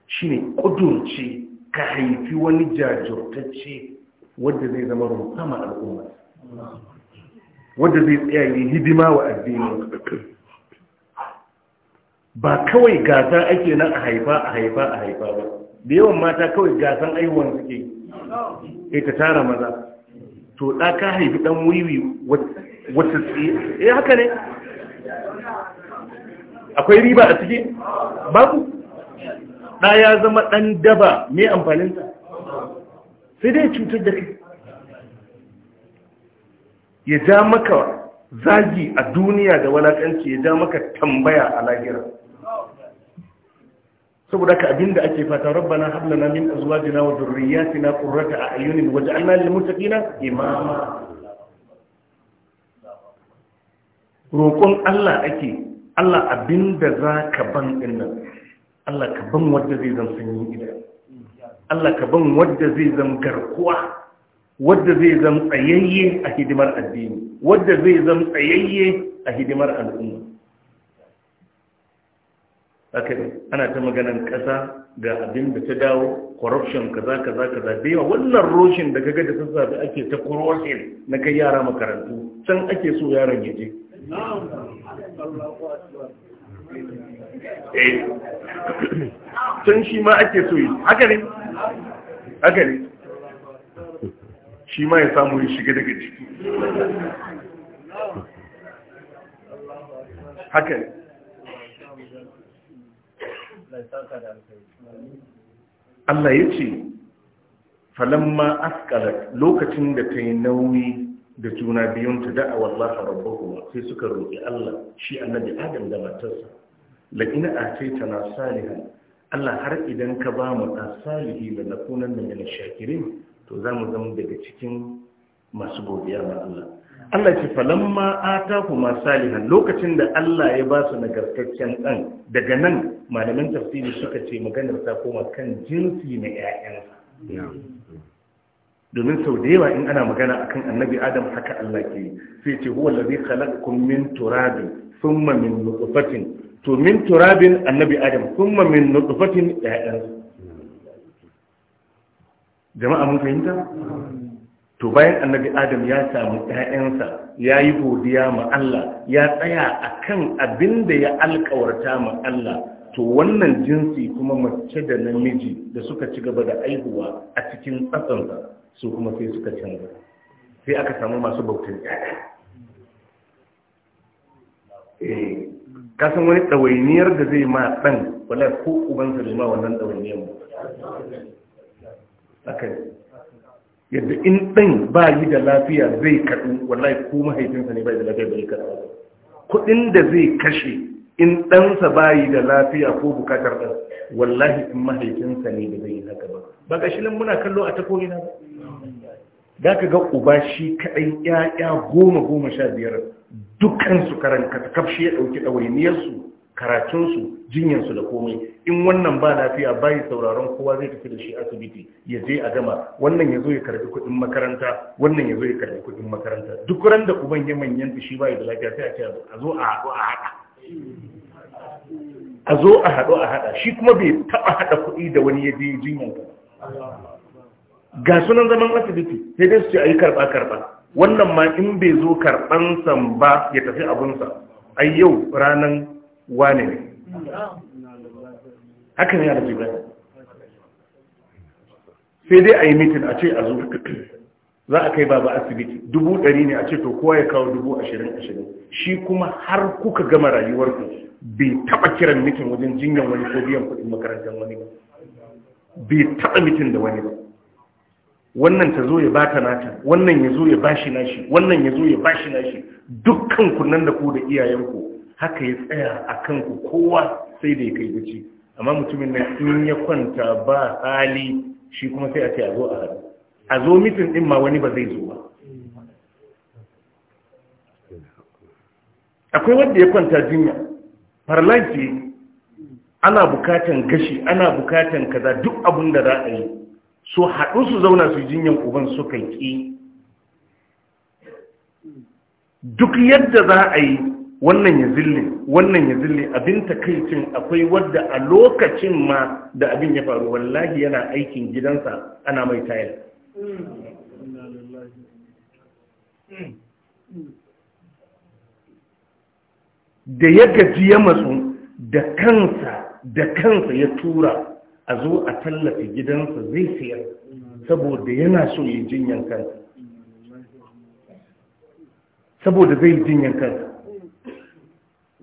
[SPEAKER 1] shi ne ƙudurce, ka haifi wani jajurtacce wadda zai zama rumfama al'umma wadda zai tsaya yi hidima wa addini ba kawai gasa ake na a haifa a haifa a haifa ba da yawan mata kawai gasan aihuwan suke yi eh, ta tara maza to ɗa ka haifi ɗan wiwi wata tsaye eh haka ne akwai riba a cikin babu ɗa ya zama ɗan daba mai amfaninsa sai dai cutar da kai ya ja maka zagi a duniya da walakanci ya ja maka tambaya a lagira. saboda ka abinda ake fata rabbana hab lana min azwajina wa dhurriyyatina qurrata a'yunin waj'alna lil muttaqina imama roƙon Allah ake Allah abinda za ka ban dinnan Allah ka ban wanda zai zan sanyi gida Allah ka ban wanda zai zan garkuwa wanda zai zan tsayayye a hidimar addini wanda zai zan tsayayye a hidimar al'umma aka ana ta maganan ƙasa ga abin da ta dawo corruption kaza kaza kaza da yawa wannan roshin da kaga da sassafe ake ta corruption na kai yara makarantu can ake so yaran ya je eh, can shi ma ake so yi haka ne haka ne shi ma ya samu ya shiga daga ciki haka ne Allah ya ce falamma askala lokacin da ta yi nauyi da juna biyun ta, da'a wallaha kuma sai suka roƙi Allah shi annabi Adam da matarsa a ta tana salihan Allah har idan ka ba mu ɗan salihi da na kunan da na shakirin to za mu zama daga cikin masu godiya na Allah. Allah ce falamma ta kuma salihan lokacin da Allah ya ba su nagartaccen ɗan daga nan malaman tafsiri suka ce maganar ta koma kan jinsi na 'ya'yansa domin sau da yawa in ana magana akan annabi adam haka Allah ke sai ce huwa allazi khalaqakum min turabin thumma min nutfatin to min turabin annabi adam thumma min nutfatin ya'yan jama'a mun fahimta to bayan annabi adam ya samu 'ya'yansa, ya yi godiya ma Allah ya tsaya akan abin da ya alƙawarta ma Allah to wannan jinsi kuma mace da namiji da suka ci gaba da aihuwa a cikin tsatsansa su kuma sai suka canza sai aka samu masu bautan yaya eh, kasan wani ɗawainiyar da zai ma ɗan wadda ko ubansa da ma wannan ɗawainiyar mu yadda in ɗan ba yi da lafiya zai kaɗu wadda ko mahaifinsa ne ba yi da lafiya ba yi kaɗu kuɗin da zai kashe in ɗansa bayi da lafiya ko bukatar ɗan wallahi in mahaifinsa ne da zai haka ba ba ga shirin muna kallo a takoyi na da ka ga uba shi kaɗai 'ya'ya goma goma sha biyar dukansu karanta kafshi ya ɗauki ɗawainiyarsu karatunsu jinyarsu da komai in wannan ba lafiya bayi sauraron kowa zai tafi da shi asibiti ya je a gama wannan ya zo ya karbi kuɗin makaranta wannan ya zo ya karbi kuɗin makaranta duk ran da uban ya manyan shi bayi da lafiya sai a ce a zo a haɗa a zo a haɗu a haɗa shi kuma bai taɓa haɗa kuɗi da wani ya je jinyar
[SPEAKER 3] ba
[SPEAKER 1] ga sunan zaman asibiti sai dai su ce a yi karɓa-karɓa wannan ma in bai zo karɓansan ba ya tafi abunsa ai yau ranar wane ne haka ne ya da sai dai a yi mitin a ce a zo za a kai baba asibiti dubu ɗari ne a ce to kowa ya kawo dubu ashirin ashirin shi kuma har kuka gama rayuwarku bai taɓa kiran mitin wajen jinyan wani ko biyan kuɗin makarantar wani ba bai taɓa mitin da wani ba wannan ta zo ya ba ta nata wannan ya zo ya ba shi nashi wannan ya zo ya ba shi. nashi dukkan kunnan da ku da iyayenku haka ya tsaya a kanku kowa sai da ya kai gaci amma mutumin nan in ya kwanta ba hali shi kuma sai a ce a zo a haɗu a zo mitin din ma wani ba zai zo ba akwai wanda ya kwanta jinya farlanki ana bukatan gashi ana bukatan kaza duk abin da za a yi so haɗu su zauna su jinyan uban su kan ƙi duk yadda za a yi wannan ya zille wannan ya zille abin takaicin akwai wadda a lokacin ma da abin ya faru wallahi yana aikin gidansa ana mai tayar da ya gaji ya matsu da kansa da kansa ya tura a zo a tallafi gidansa zai siyar saboda yana so ya jinyan kansa saboda zai jinyan kansa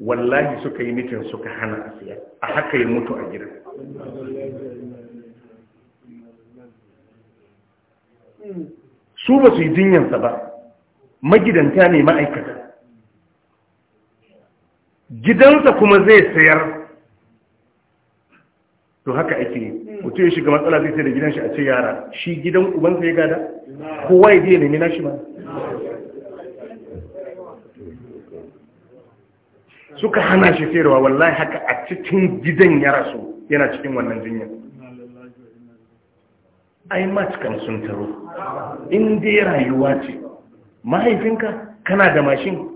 [SPEAKER 1] wallahi suka yi mitin suka hana a siya a haka ya mutu a gidan su ba su yi jinyansa ba magidanta ne ma'aikata gidansa kuma zai sayar to haka ake mutum ya shiga matsala zai sai da gidan shi a ce yara shi gidan ubansa ya gada kowa ya biya nemi nashi ba suka hana shi sayarwa wallahi haka a cikin gidan ya rasu yana cikin wannan jinyar ai matukan sun taro in dai rayuwa ce mahaifinka kana da mashin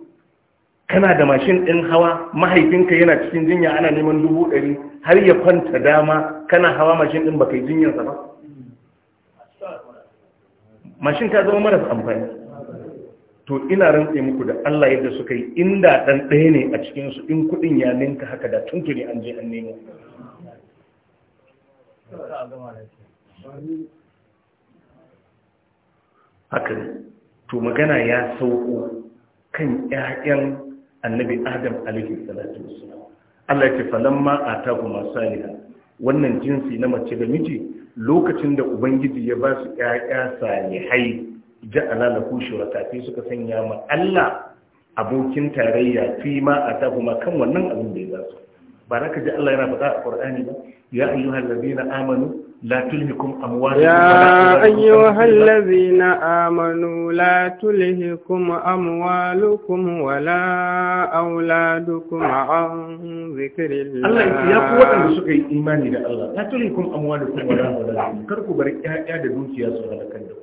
[SPEAKER 1] kana da mashin ɗin hawa mahaifinka yana cikin jinya ana neman dubu ɗari har ya kwanta dama kana hawa mashin ɗin baka yi jinyarsa ba mashin ta zama marasa amfani to ina rantse muku da Allah yadda suka yi inda ɗan ɗaya ne a cikinsu in kuɗin ya ninka haka da tuntuni an je an nemo haka to magana ya sauko kan ƴaƴan annabi adam alaihi salatu wassalam Allah ya ce falamma atahuma salihan wannan jinsi na mace da miji lokacin da ubangiji ya ba su ƴaƴa salihai ja'ala lahu shuraka fi suka sanya ma Allah abokin tarayya fi ma atahuma kan wannan abin da ya ba su ba za ka ji Allah yana faɗa a Qur'ani ba ya ayyuhal ladina amanu لا تلهكم أموالكم يا أيها
[SPEAKER 2] الذين آمنوا لا تلهكم أموالكم ولا أولادكم عن ذكر الله الله يا قوة
[SPEAKER 1] سكي إيماني لله لا تلهكم أموالكم ولا أولادكم كركو برك يا دون يا صغير كندو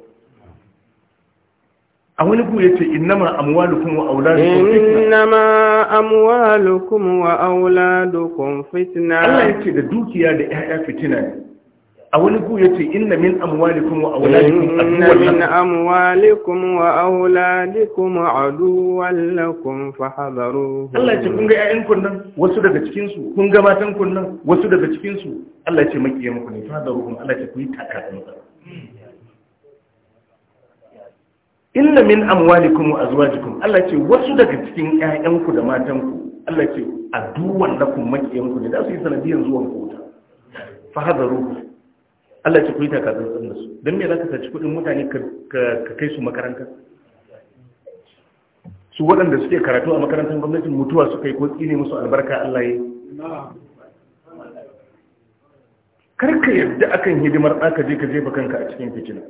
[SPEAKER 1] a wani ku yace innama amwalukum wa auladukum fitna
[SPEAKER 2] innama amwalukum wa auladukum fitna Allah yace da a wani ku ya ce inna min amwalikum
[SPEAKER 1] wa auladikum inna min
[SPEAKER 2] amwalikum wa auladikum aduwwan lakum fahdharu Allah ce kun ga
[SPEAKER 1] ƴaƴan kun nan wasu daga cikin su kun ga matan kun nan wasu daga cikin su Allah ya ce makiyan ku ne fahdharuhum Allah ce ku yi taka inna min amwalikum wa azwajikum Allah ce wasu daga cikin ƴaƴan ku da matan ku Allah ya ce aduwwan lakum makiyan ku ne za su yi sanadiyan zuwan ku ta fahdharuhum Allah ci ku yi takatsantsan da su don me za ka saci kudin mutane ka kai su makaranta su waɗanda suke karatu a makarantar gwamnatin mutuwa suka yi ko tsine musu albarka Allah ya karka yadda akan hidimar ɗaka je ka jefa kanka a cikin fitina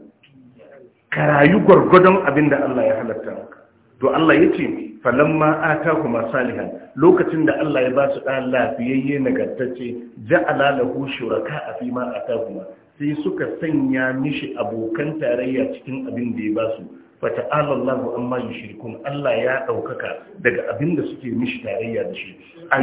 [SPEAKER 1] ka rayu gwargwadon abin da Allah ya halatta maka to Allah ya ce falamma ataku masalihan lokacin da Allah ya ba su ɗan lafiyayye nagartacce ja'ala lahu shuraka a fi ma ataku sai suka sanya mishi abokan tarayya cikin abin da ya ba su fata alallahu ma yushirikun Allah ya ɗaukaka daga abin da suke mishi tarayya da shi a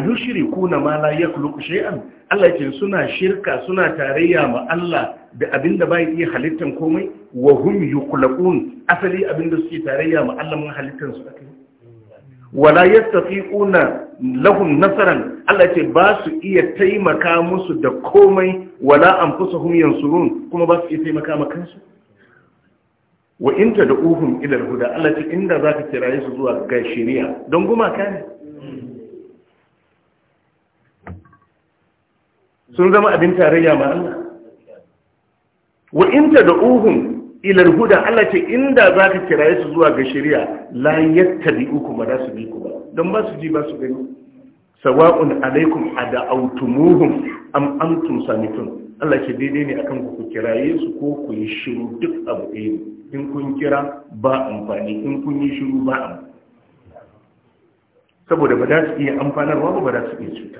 [SPEAKER 1] na ma la yakhluqu shay'an Allah ce suna shirka suna tarayya ma Allah da abin da bai iya halittan komai wa hum yuqlaqun asali abin da suke tarayya ma Allah mun halittan su akai wala yastaqiquna lahum nasaran Allah ce ba su iya taimaka musu da komai wala an anfusuhum surun kuma ba su iya taimaka ma kansu wa in tad'uhum ila al-huda Allah ce inda zaka kiraye su zuwa ga shari'a don gumaka ne sun zama abin tarayya ma Allah wa in tad'uhum ila al-huda Allah ce inda zaka kiraye su zuwa ga shari'a la uku ba za su bi ku ba don ba su ji ba su gani sawa'un alaikum ada'autumuhum am antum samitun Allah ke daidai ne akan ku kiraye su ko ku yi shiru duk abu ɗaya in kun kira ba amfani in kun yi shiru ba amfani saboda ba za su iya amfanarwa ba ba za su iya cuta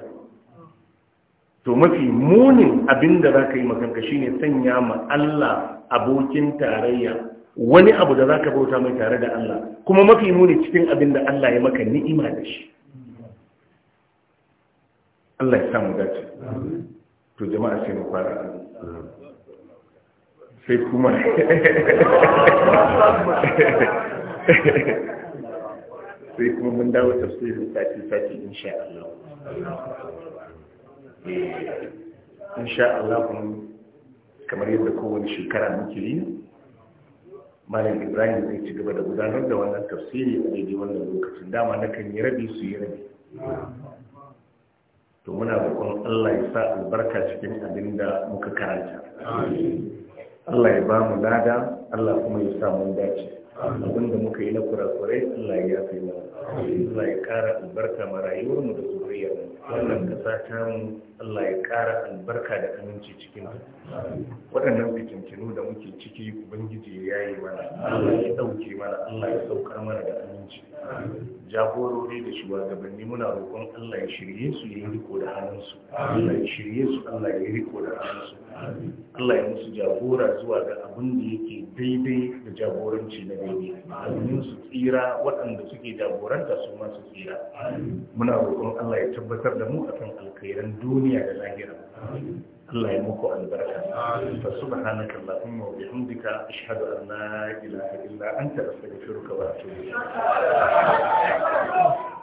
[SPEAKER 1] to mafi munin abin da za ka yi makanka shi ne sanya ma Allah abokin tarayya wani abu da za ka bauta mai tare da Allah kuma mafi muni cikin abin da Allah ya maka ni'ima da shi Allah ya samu dace to jama'a sai mu fara sai kuma sai kuma mun dawo tafsirin sati sati insha Allah insha Allah kamar yadda kowane shekara muke yi malam ibrahim zai ci gaba da gudanar da wannan tafsiri a daidai wannan lokacin dama na kan yi rabi su yi rabi to muna roƙon Allah ya sa albarka cikin abin da muka karanta Allah ya ba mu lada Allah kuma ya sa mun dace abin da muka yi na kurakurai Allah ya fi mu Allah ya kara albarka ma rayuwar mu da zuriyar mu wannan kasa ta mu Allah ya kara albarka da aminci cikin ta waɗannan fitintinu da muke ciki ubangiji ya yi mana Allah ya dauke mana Allah ya saukar mana da aminci jagorori da shugabanni muna roƙon Allah ya shirye su ya riko da hannunsu Allah ya shirye su Allah ya riko da hannunsu Allah ya musu jagora zuwa ga abin da yake daidai da jagoranci na gobe su tsira waɗanda suke jagoranta su su tsira muna roƙon Allah ya tabbatar da mu akan alkhairan duniya da lahira Allah ya muku albarka fa subhanaka allahumma wa bihamdika ashhadu an la ilaha illa anta astaghfiruka wa atubu ilayk